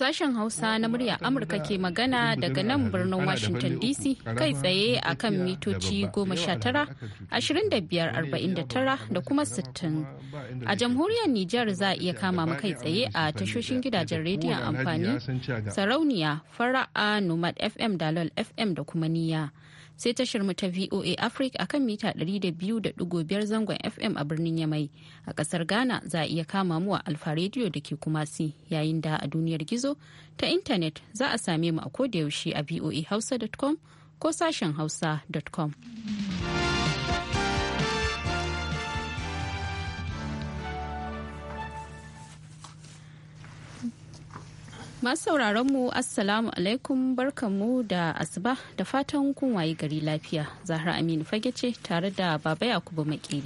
Sashen Hausa na murya Amurka ke magana daga nan birnin Washington DC kai tsaye a kan mitoci 19-2549 da kuma 60. A jamhuriyar Nijar za a iya kama mu kai tsaye a tashoshin gidajen rediyon amfani sarauniya fara'a Nomad FM Dalol FM da kuma niya. sai tashar mu ta VOA Africa akan mita 200.5 zangon FM a birnin Yamai. A kasar Ghana za a iya kama mu a Alfa Radio da ke Kumasi yayin da a duniyar gizo ta intanet za a same mu a kodayaushe a voahausa.com ko sashen hausa.com. Masu sauraron mu Assalamu alaikum barkanmu da asuba da fatan kun gari lafiya. Zahra Aminu fage ce tare da Baba Yakubu Makeri.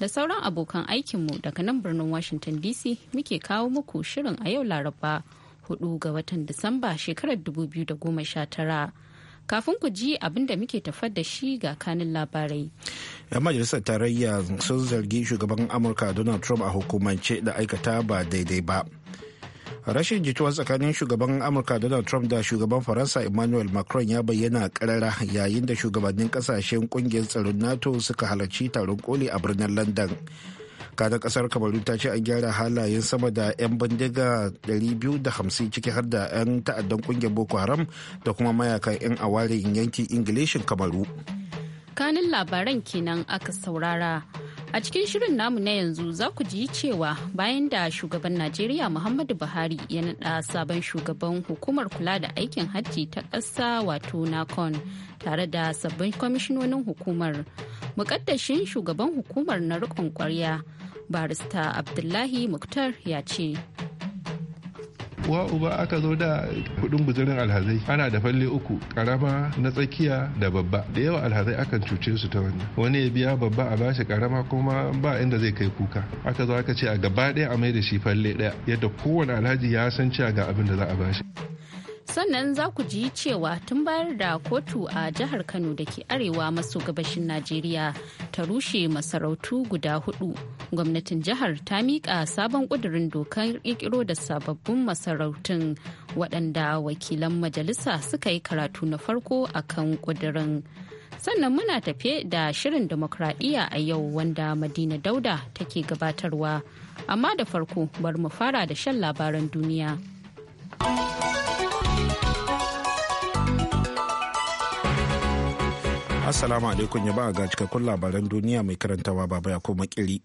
Da sauran abokan aikinmu daga nan birnin Washington DC muke kawo muku shirin a yau Laraba 4 ga watan Disamba shekarar 2019. kafin ku ji abin da muke tafar da shi ga kanin labarai. 'Yan majalisar tarayya sun zargi shugaban Amurka Donald Trump a hukumance da aikata ba daidai ba. rashin jituwa tsakanin shugaban amurka donald trump da shugaban faransa emmanuel macron ya bayyana karara yayin da shugabannin kasashen kungiyar tsaron nato suka halarci taron koli a birnin london kada kasar kamaru ta ce an gyara halayen sama da 'yan bindiga 250 ciki har da 'yan ta'addan kungiyar boko haram da kuma mayakan 'yan in yankin ingilishin kamaru tsakanin labaran kenan aka saurara. A cikin shirin namu na yanzu za ku ji cewa bayan da shugaban Najeriya Muhammadu Buhari ya naɗa sabon shugaban hukumar kula da aikin hajji ta ƙasa wato NACON tare da sabbin kwamishinonin hukumar. Muƙaddashin shugaban hukumar na riƙon Kwarya barista Abdullahi Muktar ya ce. uwa uba aka zo da kudin buzurin alhazai ana da falle uku karama na tsakiya da babba da yawa alhazai akan cuce su ta wani wani ya biya babba a bashi karama kuma ba inda zai kai kuka aka zo aka ce a gaba ɗaya a mai da shi falle ɗaya yadda kowane alhaji ya san cewa ga abin da za a bashi. sannan za ku ji cewa tun bayar da kotu a jihar kano da ke arewa maso gabashin najeriya ta rushe masarautu guda hudu gwamnatin jihar ta miƙa sabon ƙudurin dokar ƙirƙiro da sababbin masarautun waɗanda wakilan majalisa suka yi karatu na farko a kan ƙudurin sannan muna tafe da shirin demokradiyya a yau wanda madina dauda take gabatarwa amma da farko bari mu fara da shan labaran duniya. Assalamu alaikum ya ba ga cikakkun labaran duniya mai karantawa baba ya kuma kiri.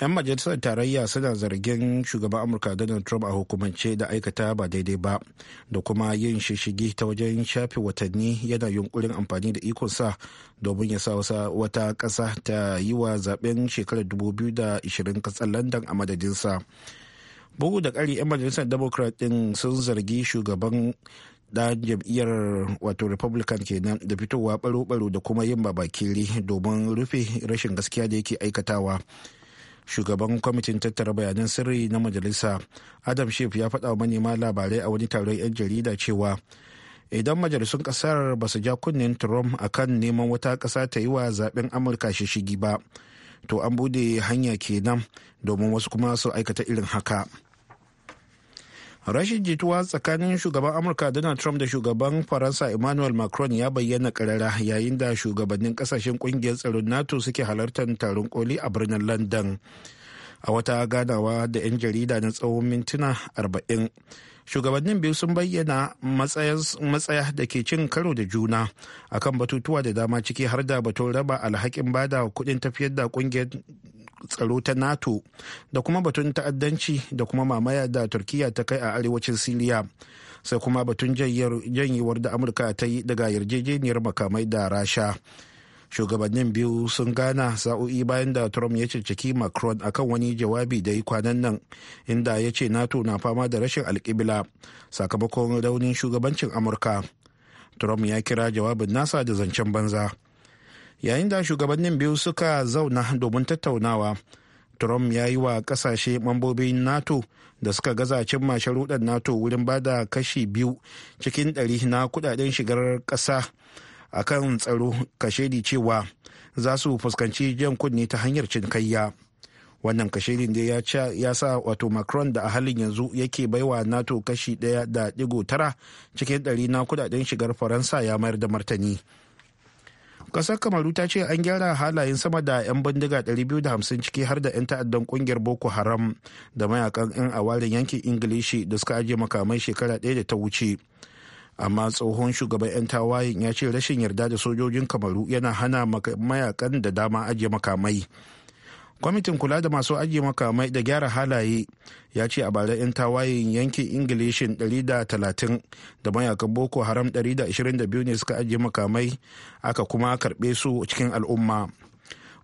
'Yan majalisar tarayya suna zargin shugaban Amurka Donald Trump a hukumance da aikata ba daidai ba da kuma yin shishigi ta wajen shafe watanni yana yunkurin amfani da ikonsa domin ya sa wata ƙasa ta yi wa zaben shekarar 2020 kasar London a madadinsa. bugu da ƙari 'yan majalisar democrat ɗin sun zargi shugaban dan jam'iyyar wato republican kenan da fitowa baro-baro da kuma yin babakere domin rufe rashin gaskiya da yake aikatawa shugaban kwamitin tattara bayanan sirri na majalisa adam shef ya faɗa manema labarai a wani taron 'yan jarida cewa idan majalisun ƙasar ba su ja kunnen trump a kan neman wata ƙasa ta yi wa zaben amurka shishigi ba to an bude hanya kenan domin wasu kuma su aikata irin haka. rashin jituwa tsakanin shugaban amurka donald trump da shugaban faransa emmanuel macron ya bayyana karara yayin da shugabannin kasashen kungiyar tsaron nato suke halartar taron koli a birnin london a wata ganawa da 'yan jarida na tsawon mintuna 40 shugabannin biyu sun bayyana matsaya da ke cin karo da juna akan batutuwa da dama ciki har da batun raba alhakin bada kudin tafiyar da kungiyar tsaro ta nato da kuma batun ta'addanci da kuma mamaya da turkiya ta kai a arewacin siriya sai kuma batun janyewar da amurka ta yi daga yarjejeniyar makamai da rasha shugabannin biyu sun gana sa'o'i bayan da trump ya cicciki macron akan wani jawabi da yi kwanan nan inda ya ce nato na fama da rashin alkibila sakamakon raunin shugabancin amurka trump ya kira jawabin nasa da zancen banza yayin da shugabannin biyu suka zauna domin tattaunawa trump ya yi wa kasashe mambobin nato da suka gaza cimma sharuɗan nato wurin ba da kashi biyu cikin ɗari na kuɗaɗen shigar ƙasa a kan tsaro kashedi cewa za su fuskanci jan kunne ta hanyar cinkayya wannan kashedin da ya sa wato macron da a halin yanzu yake baiwa nato kashi daya da digo tara cikin ɗari na kudaden shigar faransa ya mayar da martani kasar kamaru ta ce an gyara halayen sama da 'yan bindiga 250 ciki har da 'yan ta'addan kungiyar boko haram da mayakan 'yan awarin yankin ingilishi da suka ajiye makamai shekara ɗaya da ta wuce amma tsohon shugaban 'yan tawayen ya ce rashin yarda da sojojin kamaru yana hana mayakan da dama ajiye makamai kwamitin kula da masu ajiye makamai da gyara halaye ya ce a bara 'yan tawayen yankin ingilishin 130 da mayakan boko haram 122 ne suka ajiye makamai aka kuma karbe su cikin al'umma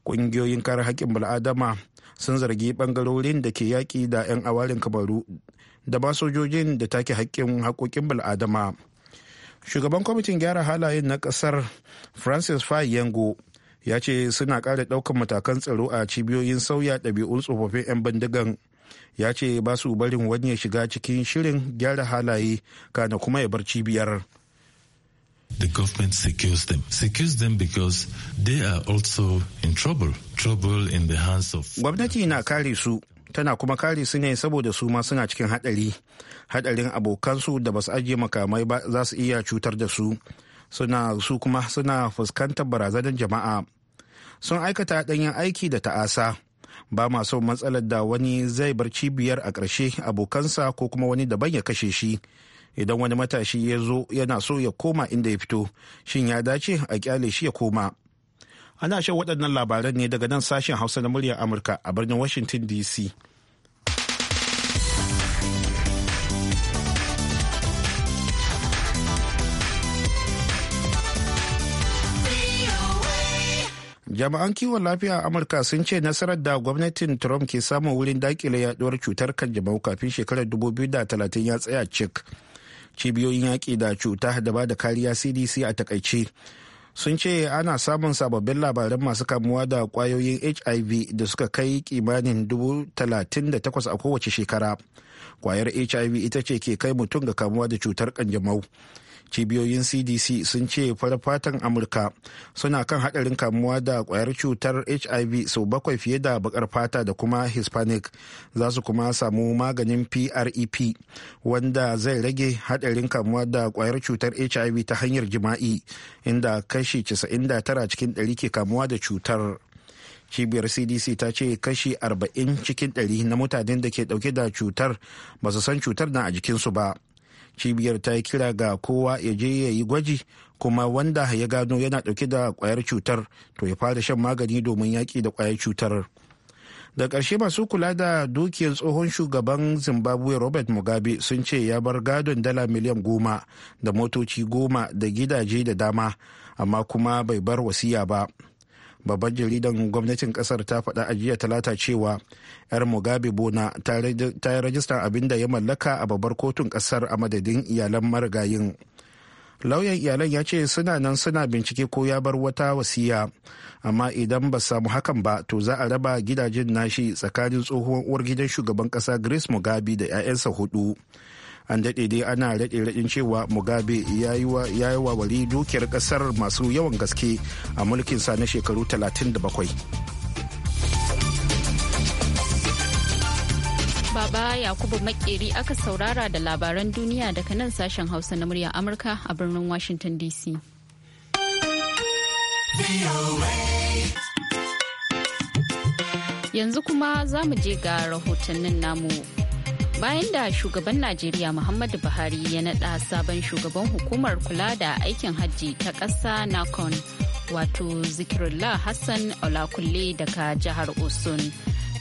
ƙungiyoyin kare haƙƙin bal'adama sun zargi bangarorin da ke yaƙi da 'yan awarin kamaru da ba sojojin da take haƙƙin haƙoƙin bil'adama shugaban kwamitin gyara halayen na kasar francis fayengo ya ce suna ƙara ɗaukar matakan tsaro a cibiyoyin sauya ɗabi'un tsofaffin 'yan bindigan ya ce ba su barin wani ya shiga cikin shirin gyara halaye kana kuma ya bar cibiyar The government secures them. Secures them because they are also in trouble. Trouble in the hands of... Gwamnati na kare su tana kuma kare su ne saboda su ma suna cikin hadari hadarin abokansu da basu ajiye makamai ba za su iya cutar da su suna su kuma suna fuskantar barazanar jama'a sun aikata ɗanyen aiki da ta'asa ba ma son matsalar da wani zai bar cibiyar a ƙarshe abokansa ko kuma wani daban ya kashe shi idan wani matashi ya zo yana so ya koma inda ya fito shin ya dace a kyale shi ya koma ana shan waɗannan labaran ne daga nan sashen hausa na muryar amurka a birnin washington dc jami'an kiwon lafiya a amurka sun ce nasarar da gwamnatin trump ke samun wurin dakile yaduwar cutar kanjamau kafin shekarar 2030 ya tsaya cik cibiyoyin yaƙi da cuta da ba da kariya cdc a takaice sun ce ana samun sababbin labaran masu kamuwa da kwayoyin hiv da suka kai kimanin takwas a kowace shekara kwayar hiv ita ce ke kai mutum ga kamuwa da cutar kanjamau cibiyoyin cdc sun ce farfatan amurka suna kan hadarin kamuwa da kwayar cutar hiv sau bakwai fiye da bakar fata da kuma hispanic za su kuma samu maganin prep e wanda zai rage hadarin kamuwa da kwayar cutar hiv ta hanyar jima'i inda kashi 99 cikin 100 ke kamuwa da cutar. cibiyar cdc ta ce kashi 40 cikin 100 na mutanen da ke dauke da cutar ba su san cutar na a jikinsu ba cibiyar ta yi kira ga kowa ya je ya yi gwaji kuma wanda ya gano yana dauke da kwayar cutar to ya fara shan magani domin yaki da kwayar cutar da ƙarshe masu kula da dukiyar tsohon shugaban zimbabwe robert mugabe sun ce ya bar gadon dala miliyan goma da motoci goma da gidaje da dama amma kuma bai bar wasiya ba babbar jaridan gwamnatin kasar ta faɗa a jiya talata cewa yar mugabe bona ta yi rajistar abin da ya mallaka a babbar kotun kasar a madadin iyalan marigayin lauyan iyalan ya ce suna nan suna bincike ko ya bar wata wasiya amma idan ba samu hakan ba to za a raba gidajen nashi tsakanin tsohuwar uwar gidan shugaban kasa grace mugabe da 'ya'yansa hudu an daɗe dai ana raɗe raɗin cewa mugabe ya yi wawari dukiyar ƙasar masu yawan gaske a mulkin sa na shekaru 37 Baba Yakubu Makeri aka saurara da labaran duniya daga nan sashen Hausa na murya Amurka a birnin Washington DC. Yanzu kuma za mu je ga rahotannin namu. bayan da shugaban najeriya muhammadu buhari ya naɗa sabon shugaban hukumar kula da aikin hajji ta ƙasa nakon wato zikirullah hassan olakulle daga jihar osun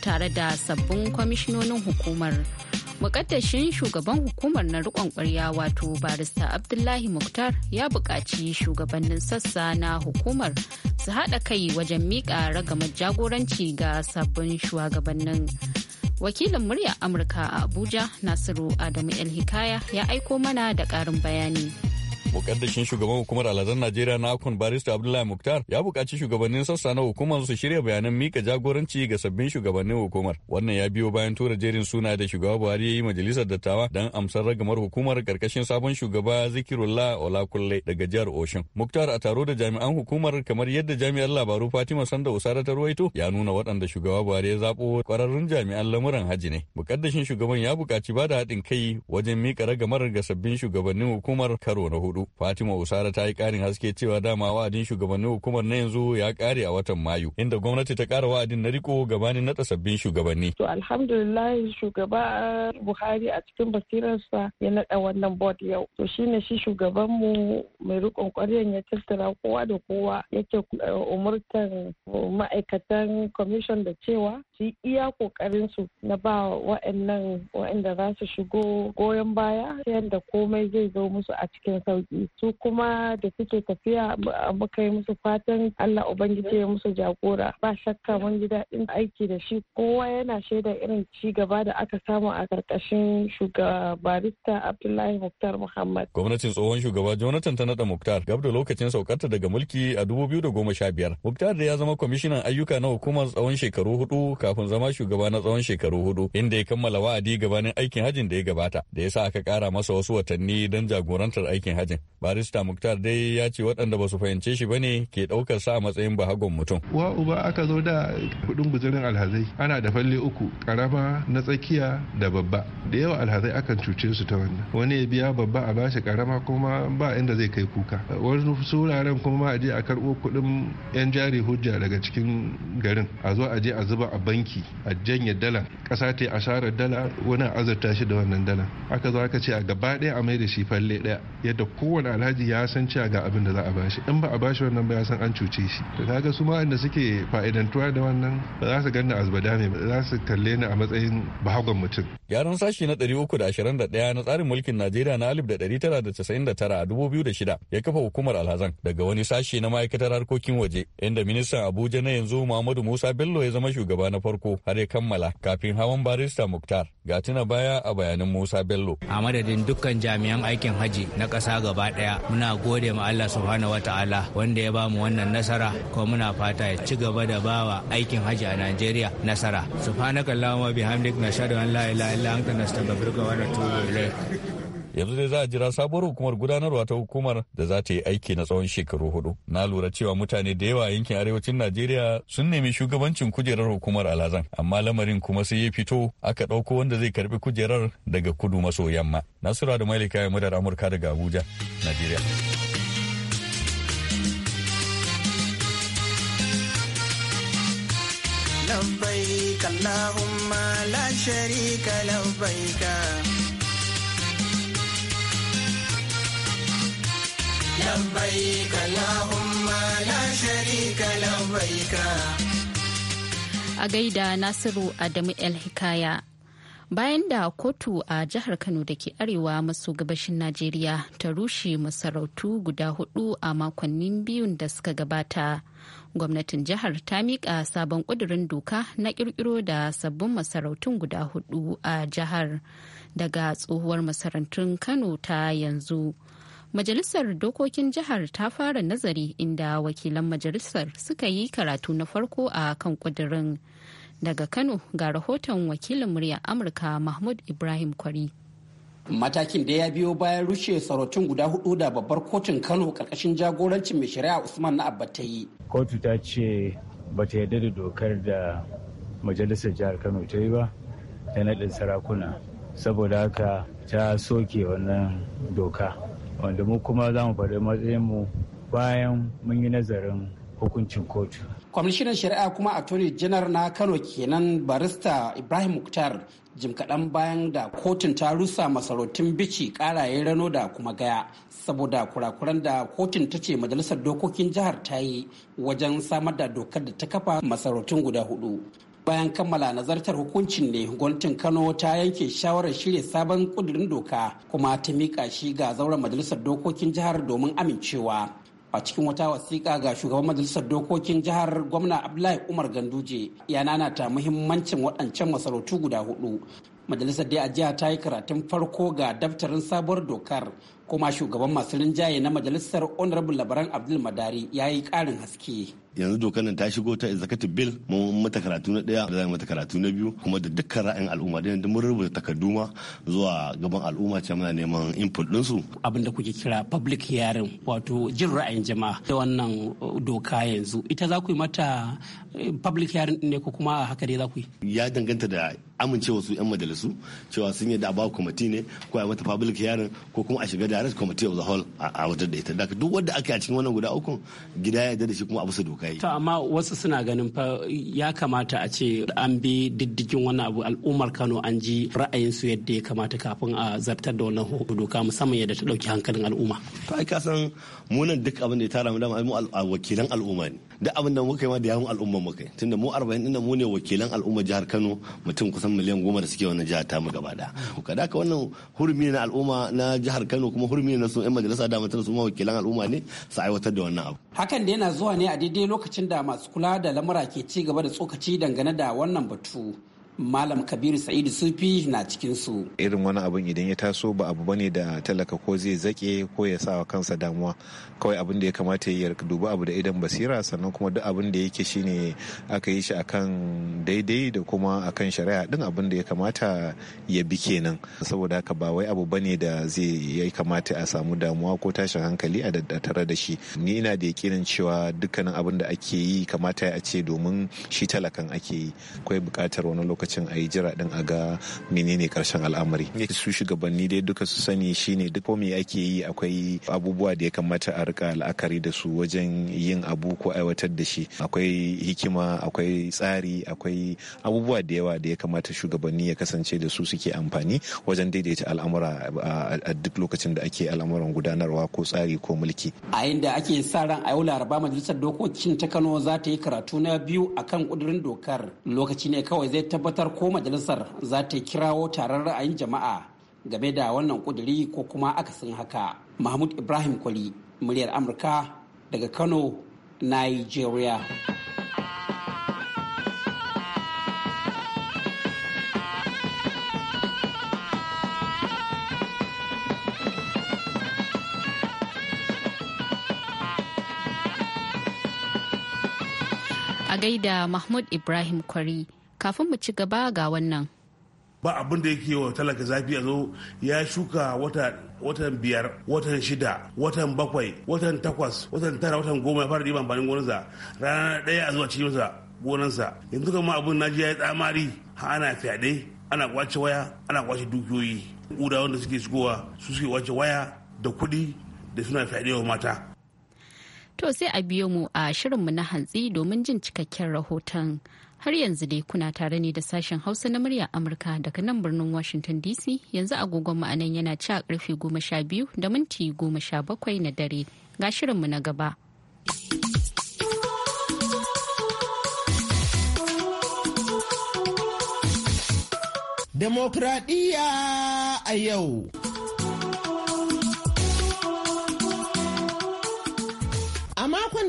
tare da sabbin kwamishinonin hukumar mukaddashin shugaban hukumar na riƙon kwarya wato barista abdullahi muktar ya buƙaci shugabannin sassa na hukumar su haɗa kai wajen miƙa ragamar jagoranci ga sabbin shugabannin. wakilin murya amurka a abuja nasiru adamu el hikaya ya aiko mana da ƙarin bayani. shin shugaban hukumar aladen najeriya na akon barista abdullahi muktar ya buƙaci shugabannin sassa na hukumar su shirya bayanan mika jagoranci ga sabbin shugabannin hukumar wannan ya biyo bayan tura jerin suna da shugaba buhari ya yi majalisar dattawa don amsar ragamar hukumar karkashin sabon shugaba zikirullah olakulle daga jihar oshin muktar a taro da jami'an hukumar kamar yadda jami'an labaru fatima sanda usara ta ruwaito ya nuna waɗanda shugaba buhari ya zaɓo kwararrun jami'an lamuran haji ne mukaddashin shugaban ya buƙaci ba da haɗin kai wajen mika ragamar ga sabbin shugabannin hukumar karo na hudu fatima usara ta yi ƙarin haske cewa dama wa'adin shugabannin hukumar na yanzu ya kare a watan mayu inda gwamnati ta kara wa'adin na riko gabanin nata sabbin shugabanni to alhamdulillah shugaba buhari a cikin basirarsa ya naɗa wannan board yau to shine shi shugabanmu mai rikon kwaryan ya tattara kowa da kowa yake eh, umurtan ma'aikatan commission da cewa su iya kokarin su na ba wa'annan wa'anda za su shigo goyon baya yadda komai zai zo musu a cikin sauki su kuma da suke tafiya muka yi musu fatan Allah ubangiji ya musu jagora ba shakka mun ji daɗin aiki da shi kowa yana shaida irin ci gaba da aka samu a karkashin shugaba Abdullahi Muktar Muhammad gwamnatin tsohon shugaba Jonathan ta nada Muktar gab da lokacin saukarta daga mulki a 2015 Muktar da ya zama kwamishinan ayyuka na hukumar tsawon shekaru hudu kafin zama shugaba na tsawon shekaru hudu inda ya kammala wa'adi gabanin aikin hajin da ya gabata da ya sa aka kara masa wasu watanni don jagorantar aikin hajin Barista Muktar dai ya ce waɗanda ba su fahimce shi ba ne ke ɗaukar sa a matsayin bahagon mutum. Wa uba aka zo da kuɗin guzurin alhazai ana da falle uku ƙarama na tsakiya da babba. Da yawa alhazai akan cuce su ta wannan. Wani ya biya babba a bashi ƙarama kuma ba inda zai kai kuka. Wani suraren kuma a je a karɓo kuɗin 'yan jari hujja daga cikin garin. A zo a je a zuba a banki a janye dala. Ƙasa ta asarar dala wani azurta shi da wannan dala. Aka zo aka ce a gaba ɗaya a mai da shi falle ɗaya yadda kowane alhaji ya san cewa ga abin da za a bashi in ba a bashi wannan ba ya san an cuce shi to kaga su ma inda suke fa'idantuwa da wannan ba za su ganna azbada ne ba za su kalle ni a matsayin bahagon mutum gyaran sashi na 321 na tsarin mulkin Najeriya na 1999 a 2006 ya kafa hukumar alhazan daga wani sashi na ma'aikatar harkokin waje inda ministan Abuja na yanzu Muhammadu Musa Bello ya zama shugaba na farko har ya kammala kafin hawan barista Muktar ga tuna baya a bayanin Musa Bello a madadin dukkan jami'an aikin haji na ƙasa ga gaba daya muna gode ma Allah subhanahu wataala wanda ya bamu wannan nasara ko muna fata ya ci gaba da bawa aikin haji a Najeriya nasara subhanakallahumma bihamdik nashhadu an la ilaha illa anta nastaghfiruka wa natubu ilayk yanzu dai za a jira sabuwar hukumar gudanarwa ta hukumar da za ta yi aiki na tsawon shekaru hudu na lura cewa mutane da yawa yankin arewacin najeriya sun nemi shugabancin kujerar hukumar alhazan. amma lamarin kuma sai ya fito aka ɗauko wanda zai karbi kujerar daga kudu maso yamma nasura da malika ya murar amurka daga abuja najeriya لبيك اللهم لا شريك لبيك لبيك اللهم لا a nasiru adamu el hikaya bayan da kotu a jihar kano da ke arewa maso gabashin najeriya ta rushe masarautu guda hudu a makonnin biyun da suka gabata gwamnatin jihar ta miƙa sabon ƙudurin doka na ƙirƙiro da sabbin masarautun guda hudu a jihar daga tsohuwar masarautun kano ta yanzu Majalisar Dokokin Jihar ta fara nazari inda wakilan majalisar suka yi karatu na farko a kan kudirin. Daga Kano ga rahoton wakilin murya Amurka Mahmud Ibrahim Kwari. Matakin da ya biyo bayan rushe sarautun guda hudu da babbar kotun Kano karkashin jagorancin mai shari'a Usman na Abba yi. Kotu ta ce ba ta yarda da dokar da majalisar jihar Kano ta yi ba ta naɗin sarakuna saboda haka ta soke wannan doka. wanda mu kuma za mu faɗi matsayinmu bayan mun yi nazarin hukuncin kotu. kwamishinan shari'a kuma a attorney janar na kano kenan barista ibrahim muktar jim kaɗan bayan da kotun ta rusa masarautun bici ya rano da kuma gaya saboda kurakuran da kotun ta ce majalisar dokokin jihar ta yi wajen samar da dokar da ta kafa masarautun guda hudu bayan kammala nazartar hukuncin ne gwamnatin kano ta yanke shawarar shirya sabon kudirin doka kuma ta mika shi ga zauren majalisar dokokin jihar domin amincewa a cikin wata wasiƙa ga shugaban majalisar dokokin jihar gwamna abdullahi umar ganduje ya nanata muhimmancin waɗancan masarautu guda hudu majalisar dai a jiha ta yi karatun farko ga daftarin sabuwar dokar kuma shugaban masu rinjaye na majalisar honorable labaran abdul madari ya yi karin haske yanzu dokar nan ta shigo ta executive bill mun mata karatu na daya da mata karatu na biyu kuma da dukkan ra'ayin al'umma da yanzu mun rubuta takardu zuwa gaban al'umma ce muna neman input din su abinda kuke kira public hearing wato jin ra'ayin jama'a da wannan uh, doka yanzu ita za ku yi mata uh, public hearing ne ko kuma haka dai za ku yi ya danganta da amincewa su yan majalisu cewa sun yi da ba kwamiti ne ko a mata public hearing ko kuma a shiga da direct committee of the hall a wajen da ita daga duk wanda ake a cikin wannan guda uku gida ya yarda da shi kuma a bisa doka yi to amma wasu suna ganin fa ya kamata a ce an bi diddigin wannan abu al'ummar Kano an ji ra'ayin su yadda ya kamata kafin a zartar da wannan doka musamman yadda ta dauki hankalin al'umma to ai ka san mu nan duk abin da ya tara mu da mu wakilan al'umma ne da abin da muka yi ma da yawon al'umma muka yi tunda mu arba'in din mu ne wakilan al'umma jihar Kano mutum kusan miliyan goma da suke wannan jihar ta mu gaba da hmm. kada ka wannan hurmi na al'umma na jihar Kano kuma hurmi na su yan majalisa da mutum su ma wakilan al'umma ne su aiwatar da wannan abu hakan da yana zuwa ne a daidai lokacin da masu kula da lamura ke ci gaba da tsokaci dangane da wannan batu Malam Kabiru Sa'idu Sufi na cikin su. Irin wani abun idan ya taso ba abu bane da talaka ko zai zake ko ya sa wa kansa damuwa. Kawai abin da ya kamata ya duba abu da idan basira sannan kuma duk abin da yake shine aka yi shi akan daidai da kuma akan shari'a din abin da ya kamata ya bi kenan. Saboda haka ba wai abu bane da zai ya kamata a samu damuwa ko tashin hankali a tattare da shi. Ni ina da yakinin cewa dukkanin abin da ake yi kamata a ce domin shi talakan ake yi. Akwai bukatar wani lokaci lokacin a yi jira din a ga menene karshen al'amari su shugabanni dai duka su sani shine duk me ake yi akwai abubuwa da ya kamata a rika la'akari da su wajen yin abu ko aiwatar da shi akwai hikima akwai tsari akwai abubuwa da yawa da ya kamata shugabanni ya kasance da su suke amfani wajen daidaita al'amura a duk lokacin da ake al'amuran gudanarwa ko tsari ko mulki a inda ake sa ran a yau laraba majalisar dokokin ta kano za ta yi karatu na biyu akan kudurin dokar lokaci ne kawai zai tabbatar tabbatar ko majalisar za ta kirawo taron ra'ayin jama'a game da wannan kuduri ko kuma akasin haka mahmud ibrahim kwali muryar amurka daga kano nigeria a gaida mahmud ibrahim kwari kafin mu ci gaba ga wannan. ba abin da yake wa talaka zafi a zo ya shuka watan biyar watan shida watan bakwai watan takwas watan tara watan goma ya fara ɗiban banin gonarsa rana ɗaya a zuwa cikinsa gonansa yanzu kama abin naji ya yi tsamari ana fyaɗe ana kwace waya ana kwace dukiyoyi ƙuda wanda suke shigowa su suke kwace waya da kuɗi da suna fyaɗe wa mata To sai a biyo mu a shirin mu na hantsi domin jin cikakken rahoton. har yanzu dai kuna tare ne da sashen hausa na murya amurka daga nan birnin washington dc yanzu agogon ma'anan yana ci a karfe goma sha biyu da minti goma sha bakwai na dare ga shirinmu na gaba demokradiyya a yau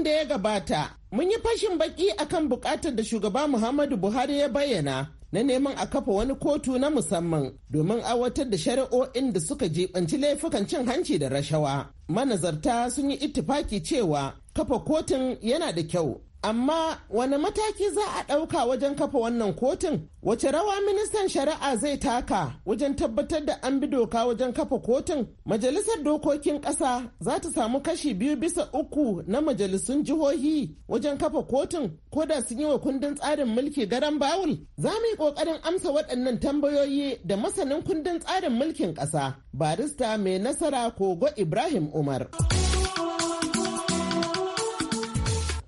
da ya gabata mun yi fashin baki akan bukatar da shugaba Muhammadu Buhari ya bayyana na neman a kafa wani kotu na musamman domin aiwatar da shari'o'in da suka jibanci laifukan cin hanci da rashawa. Manazarta sun yi ittifaki cewa kafa kotun yana da kyau Amma wani mataki za a ɗauka wajen kafa wannan kotun? Wace rawa ministan shari'a zai taka wajen tabbatar da an bi doka wajen kafa kotun? Majalisar dokokin ƙasa za ta samu kashi biyu bisa uku na majalisun jihohi wajen kafa kotun ko da sun yi wa kundin tsarin mulki garan bawul? Za mu yi ƙoƙarin amsa waɗannan tambayoyi da masanin kundin tsarin mulkin ƙasa, barista mai nasara Kogo Ibrahim Umar.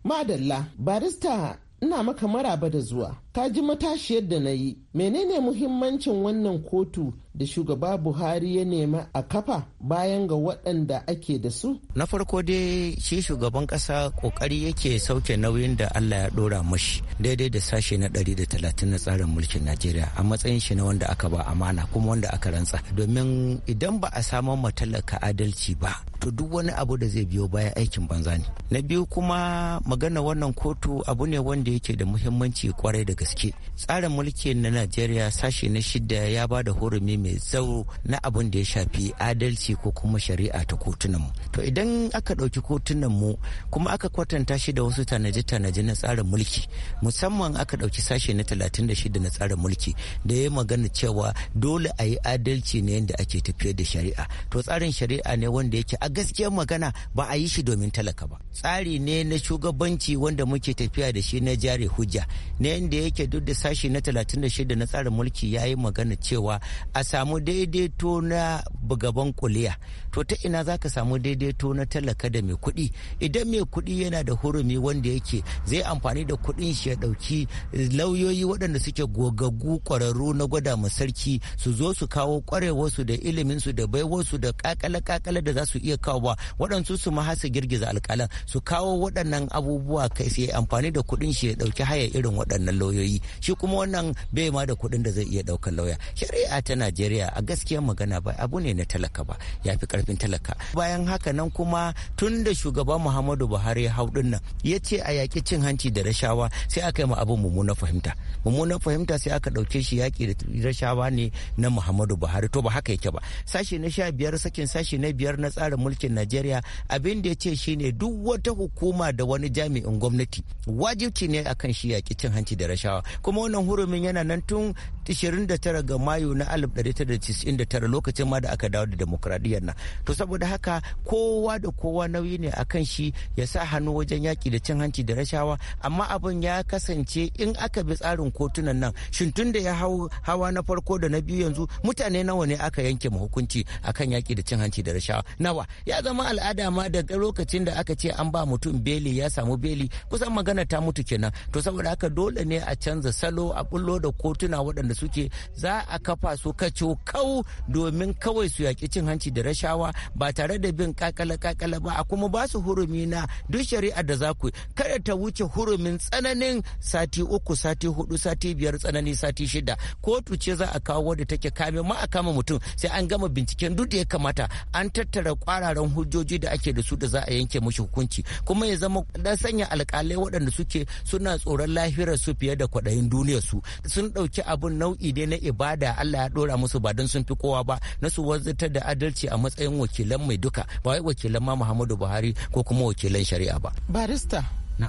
Madalla, barista ina maka maraba da zuwa. ta ji matashiyar da na yi menene muhimmancin wannan kotu da shugaba buhari ya nema a kafa bayan ga waɗanda ake da su na farko dai shi shugaban ƙasa ƙoƙari yake sauke nauyin da allah ya ɗora mashi daidai da sashe na ɗari da talatin na tsarin mulkin najeriya a matsayin shi na wanda aka ba amana kuma wanda aka rantsa domin idan ba a samu matalaka adalci ba to duk wani abu da zai biyo baya aikin banza ne na biyu kuma magana wannan kotu abu ne wanda yake da muhimmanci kwarai daga gaske tsarin mulki na najeriya sashe na shida ya ba da horumi mai tsawo na abin da ya shafi adalci ko kuma shari'a ta kotunanmu to idan aka ɗauki kotunanmu kuma aka kwatanta shi da wasu tanaje-tanaje na tsarin mulki musamman aka ɗauki sashe na talatin da shida na tsarin mulki da ya magana cewa dole a yi adalci ne yadda ake tafiyar da shari'a to tsarin shari'a ne wanda yake a gaskiyar magana ba a yi shi domin talaka ba tsari ne na shugabanci wanda muke tafiya da shi na jari hujja ne yadda yake yake duk da sashi na 36 na tsarin mulki ya yi magana cewa a samu daidaito na bugaban kuliya to ta ina za ka samu daidaito na talaka da mai kuɗi idan mai kuɗi yana da hurumi wanda yake zai amfani da kuɗin shi ya ɗauki lauyoyi waɗanda suke gogaggu ƙwararru na gwada ma sarki su zo su kawo ƙwarewarsu da iliminsu da baiwarsu da ƙaƙale-ƙaƙale da za su iya kawo ba waɗansu su ma hasa girgiza alƙalan su kawo waɗannan abubuwa kai sai amfani da kuɗin shi ya ɗauki haya irin waɗannan lauyoyi shi kuma wannan bai ma da kuɗin da zai iya ɗaukar lauya shari'a ta najeriya a gaskiyar magana ba abu ne na talaka ba ya fi karfin talaka bayan haka nan kuma tun da shugaba muhammadu buhari ya hau dinnan ya ce a yaƙi cin hanci da rashawa sai aka yi ma abin mummuna fahimta mummuna fahimta sai aka ɗauke shi yaƙi da rashawa ne na muhammadu buhari to ba haka yake ba sashi na sha biyar sakin sashi na biyar na tsarin mulkin najeriya abin da ya ce shine duk wata hukuma da wani jami'in gwamnati wajibci ne akan shi yaƙi cin hanci da rashawa kuma wannan hurumin yana nan tun 29 ga mayu na 1999 lokacin ma da aka dawo da demokradiyyar nan to saboda haka kowa da kowa nauyi ne a kan shi ya sa hannu wajen yaƙi da cin hanci da rashawa amma abin ya kasance in aka bi tsarin kotunan nan shin tun da ya hau hawa na farko da na biyu yanzu mutane nawa ne aka yanke mu hukunci akan yaƙi da cin hanci da rashawa nawa ya zama al'ada ma daga lokacin da aka ce an ba mutum beli ya samu beli kusan magana ta mutu kenan to saboda haka dole ne a canza salo a bullo da kotuna waɗanda suke za a kafa su kacokau domin kawai su yaƙi cin hanci da rashawa talakawa ba tare da bin kakala-kakala ba a kuma ba su hurumi na duk shari'a da za ku kada ta wuce hurumin tsananin sati uku sati hudu sati biyar tsanani sati shida kotu ce za a kawo wadda take kame ma a kama mutum sai an gama binciken duk da ya kamata an tattara kwararan hujjoji da ake da su da za a yanke mushi hukunci kuma ya zama dan sanya alkalai waɗanda suke suna tsoron lafiyar su fiye da kwaɗayin duniyar su sun ɗauki abun nau'i dai na ibada Allah ya ɗora musu ba don sun fi kowa ba na su wanzartar da adalci a matsayin matsayin wakilan mai duka ba wai wakilan ma muhammadu buhari ko kuma wakilan shari'a ba barista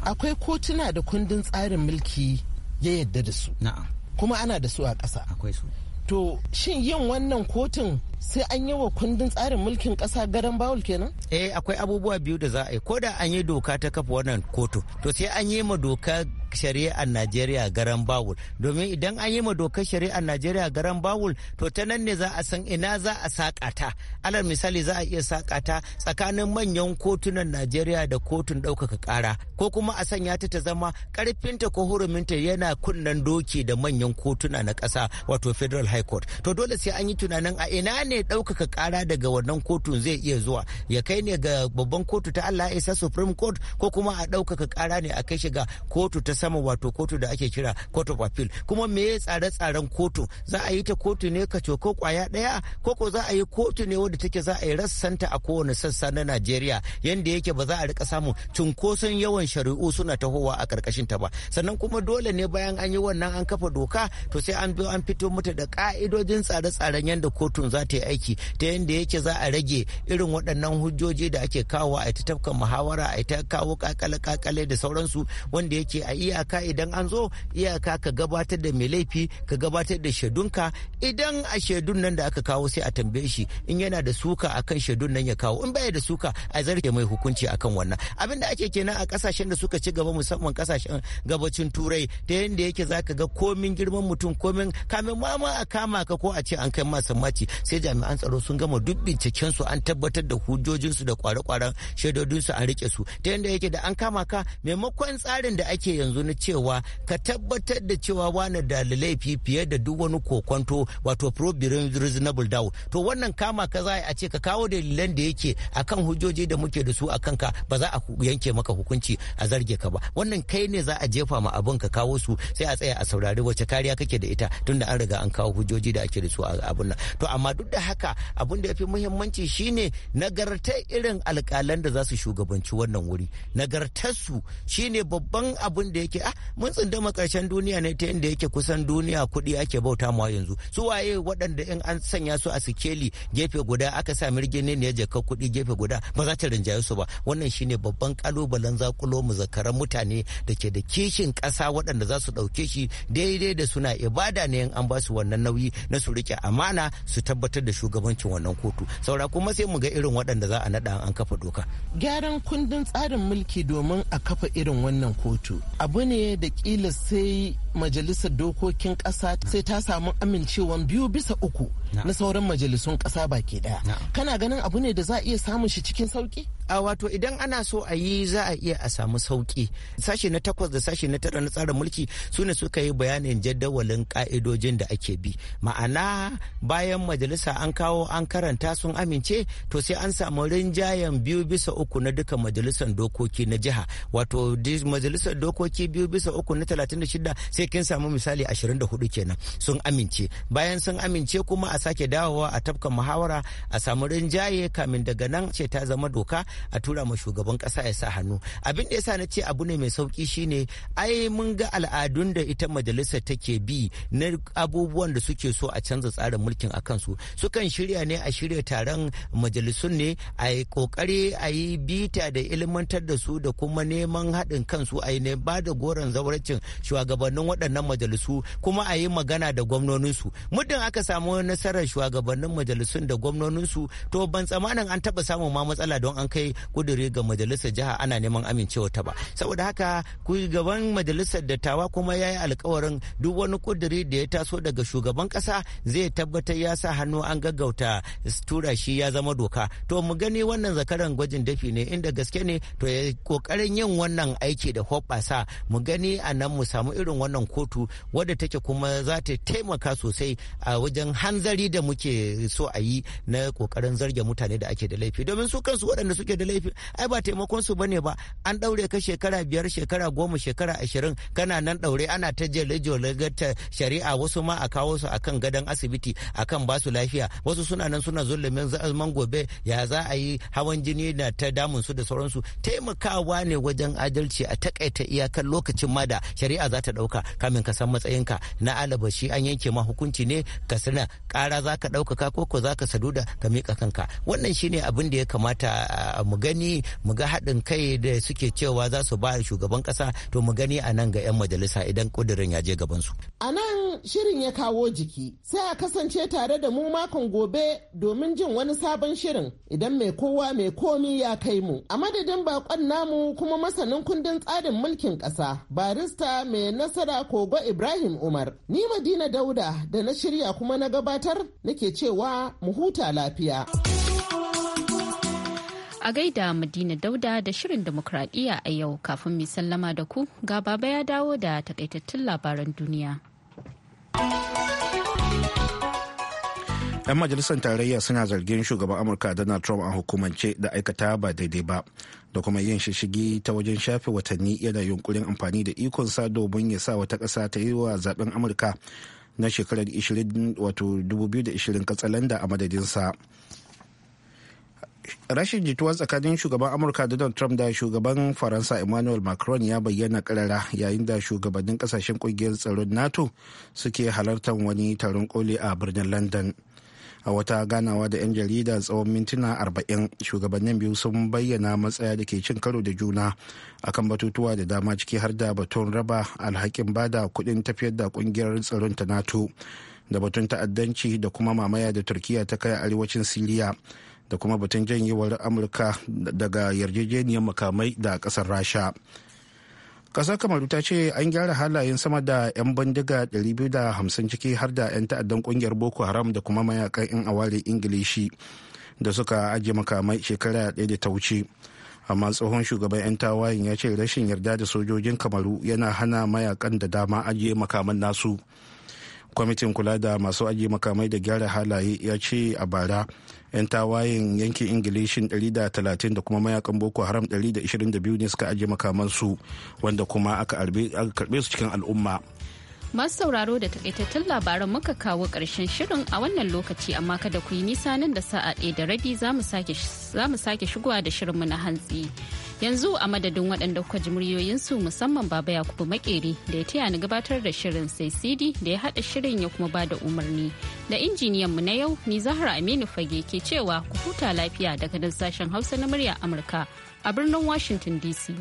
akwai kotuna da kundin tsarin mulki ya yadda da su kuma ana da su a ƙasa akwai su to shin yin wannan kotun sai an yi wa kundin tsarin mulkin ƙasa garan bawul kenan eh akwai abubuwa biyu da za a yi ko da an yi doka ta kafa wannan kotu to sai an yi ma doka shari'ar Najeriya garan bawul domin idan an yi ma dokar shari'ar Najeriya garan bawul to ta nan ne za a san ina za a sakata alal misali za a iya ta tsakanin manyan kotunan Najeriya da kotun ɗaukaka ƙara ko kuma a sanya ta ta zama ƙarfinta ko huruminta yana kunnen doki da manyan kotuna na ƙasa wato Federal High Court to dole sai an yi tunanin a ina ne ɗaukaka ƙara daga wannan kotun zai iya zuwa ya kai ne ga babban kotu ta Allah isa Supreme Court ko kuma a ɗaukaka ƙara ne a kai shiga kotu ta sama wato kotu da ake kira court of appeal kuma me tsare-tsaren kotu za a yi ta kotu ne ka ko kwaya daya ko za a yi kotu ne wanda take za a yi rassanta a kowane sassa na Najeriya yanda yake ba za a rika samu cunkoson yawan shari'u suna tahowa a karkashin ta ba sannan kuma dole ne bayan an yi wannan an kafa doka to sai an biyo an fito mata da ka'idojin tsare-tsaren yadda kotun za ta yi aiki ta yadda yake za a rage irin waɗannan hujjoji da ake kawo a ita tafkan muhawara a ita kawo kakale-kakale da sauransu wanda yake a iyaka idan an zo iyaka ka gabatar da mai laifi ka gabatar da shaidunka idan a shaidun nan da aka kawo sai a tambaye shi in yana da suka akan shaidun nan ya kawo in baya da suka a zarge mai hukunci akan wannan abin da ake kenan a kasashen da suka ci gaba musamman kasashen gabacin turai ta yadda yake zaka ga komin girman mutum komin kamin ma a kama ka ko a ce an kai ma sammaci sai jami'an tsaro sun gama duk binciken su an tabbatar da su da kware-kwaren shaidodinsu an rike su ta yadda yake da an kama ka maimakon tsarin da ake yanzu yanzu na cewa ka tabbatar da cewa wani dalilai fiye da duk wani kokonto wato probirin reasonable doubt to wannan kama ka za a ce ka kawo dalilan da yake akan hujjoji da muke da su a kanka ba za a yanke maka hukunci a zarge ka ba wannan kai ne za a jefa ma abin ka kawo su sai a tsaya a saurari wace kariya kake da ita tunda an riga an kawo hujjoji da ake da su a abun nan to amma duk da haka abun da ya fi muhimmanci shine nagarta irin alƙalan da za su shugabanci wannan wuri nagartar su shine babban abin da yake a ah, mun tsindama karshen duniya ne ta inda yake kusan duniya kuɗi ake bauta mu yanzu su waye waɗanda in an sanya su a sikeli gefe guda aka sa mirgini ne jaka kuɗi gefe guda ba za ta rinjaye su ba wannan shine babban kalubalen zakulo mu zakaran mutane da ke da kishin ƙasa waɗanda za su ɗauke shi daidai da suna ibada ne in an ba su wannan nauyi na su rike amana su tabbatar da shugabancin wannan kotu saura kuma sai mu ga irin waɗanda za a naɗa an kafa doka gyaran kundin tsarin mulki domin a kafa irin wannan kotu abu ne da kila sai majalisar dokokin ƙasa sai ta samu amincewan biyu bisa uku na sauran majalisun kasa baki ɗaya kana ganin abu ne da za a iya samun shi cikin sauki a wato idan ana so a yi za a iya a samu sauki Sashi na takwas da sashi na tara na tsarin mulki su ne suka yi bayanin jadawalin ka'idojin da ake bi ma'ana bayan majalisa an kawo an karanta sun amince to sai an samu rinjayen biyu bisa uku na duka majalisar dokoki na jiha wato majalisar dokoki biyu bisa uku na talatin da shida sai kin samu misali ashirin da hudu kenan sun amince bayan sun amince kuma a a sake dawowa a tafka muhawara a samu rinjaye kamin daga nan ce ta zama doka a tura ma shugaban kasa ya sa hannu abin da ya sa na ce abu ne mai sauki shine ai mun ga al'adun da ita majalisar take bi na abubuwan da suke so a canza tsarin mulkin a kansu sukan shirya ne a shirya taron majalisun ne a yi kokari a yi bita da ilmantar da su da kuma neman haɗin kansu a yi ne ba da goron zauracin shugabannin waɗannan majalisu kuma a yi magana da gwamnoninsu muddin aka samu nasara nasarar shugabannin majalisun da gwamnoninsu to ban tsamanin an taba samun ma matsala don an kai kuduri ga majalisar jiha ana neman amincewa ta ba saboda haka gaban majalisar dattawa kuma ya yi alkawarin duk wani kuduri da ya taso daga shugaban kasa zai tabbatar ya sa hannu an gaggauta tura shi ya zama doka to mu gani wannan zakaran gwajin dafi ne inda gaske ne to ya kokarin yin wannan aiki da hoɓɓasa mu gani a nan mu samu irin wannan kotu wadda take kuma za ta taimaka sosai a wajen hanzar. ƙoƙari da muke so a yi na ƙoƙarin zarge mutane da ake da laifi domin su kansu waɗanda suke da laifi ai ba taimakon su bane ba an ɗaure ka shekara biyar shekara goma shekara ashirin kana nan ɗaure ana ta jale ta shari'a wasu ma a kawo su akan gadon asibiti akan ba su lafiya wasu suna nan suna zulumin zaman gobe ya za a yi hawan jini na ta damun su da sauransu taimakawa ne wajen adalci a takaita iyakar lokacin ma da shari'a za ta ɗauka kamin ka san matsayinka na alabashi an yanke ma hukunci ne ka sana gara za ka ɗaukaka ko ko za ka da ka miƙa kanka wannan shine abin da ya kamata ah, mu gani mu ga haɗin kai da suke cewa za su ba shugaban ƙasa to mu gani a nan ga 'yan majalisa idan ƙudurin ya je gabansu. a nan shirin ya kawo jiki sai a kasance tare da mu makon gobe domin jin wani sabon shirin idan mai kowa mai komi ya kai mu a madadin bakon namu kuma masanin kundin tsarin mulkin ƙasa barista mai nasara kogo ibrahim umar ni madina dauda da na shirya kuma na gabatar Nijar nake cewa mu huta lafiya. A gaida Madina Dauda da Shirin Demokradiyya a yau kafin mai sallama da ku ga baba ya dawo da takaitattun labaran duniya. 'yan majalisar tarayya suna zargin shugaban amurka donald trump a hukumance da aikata ba daidai ba da kuma yin shishigi ta wajen shafe watanni yana yunkurin amfani da ikonsa domin ya sa wata ƙasa ta yi wa zaben amurka na shekarar 2020 katsalanda a madadinsa rashin jituwa tsakanin shugaban amurka donald trump da shugaban faransa emmanuel macron ya bayyana karara yayin da shugabannin kasashen kungiyar tsaron nato suke halartar wani taron koli a birnin london a wata ganawa da 'yan jarida tsawon mintuna 40 shugabannin biyu sun bayyana matsaya da ke cin karo da juna akan batutuwa da dama ciki har da batun raba alhakin bada kudin tafiyar da kungiyar tsaron ta nato da batun ta'addanci da kuma mamaya da turkiya ta kai arewacin siriya da kuma batun janyewar amurka daga yarjejeniyar makamai da kasar rasha kasa kamaru ta ce an gyara halayen sama da 'yan bindiga 250 ciki har da 'yan ta'addan kungiyar boko haram da kuma mayakan 'yan aware ingilishi da suka ajiye makamai shekara ɗaya da ta wuce amma tsohon shugaban 'yan tawayen ya ce rashin yarda da sojojin kamaru yana hana mayakan da dama ajiye makaman nasu. kwamitin kula da masu aji makamai da gyara halaye ya ce a bara 'yan tawayen yankin ingilishin 130 da kuma mayakan boko haram 122 ne suka aji makamansu wanda kuma aka karbe su cikin al'umma Masu sauraro da takaitattun labaran muka kawo ƙarshen shirin a wannan lokaci amma kada ku yi nisa nan da sa'a ɗaya da rabi za mu sake shigowa da shirinmu na hantsi. Yanzu a madadin waɗanda kuka ji muryoyinsu musamman Baba Yakubu Makeri da ya taya ni gabatar da shirin sai CD da ya haɗa shirin ya kuma ba da umarni. Da injiniyan mu na yau ni Zahra Aminu Fage ke cewa ku huta lafiya daga nan sashen Hausa na murya Amurka a birnin Washington DC.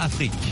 Afrique.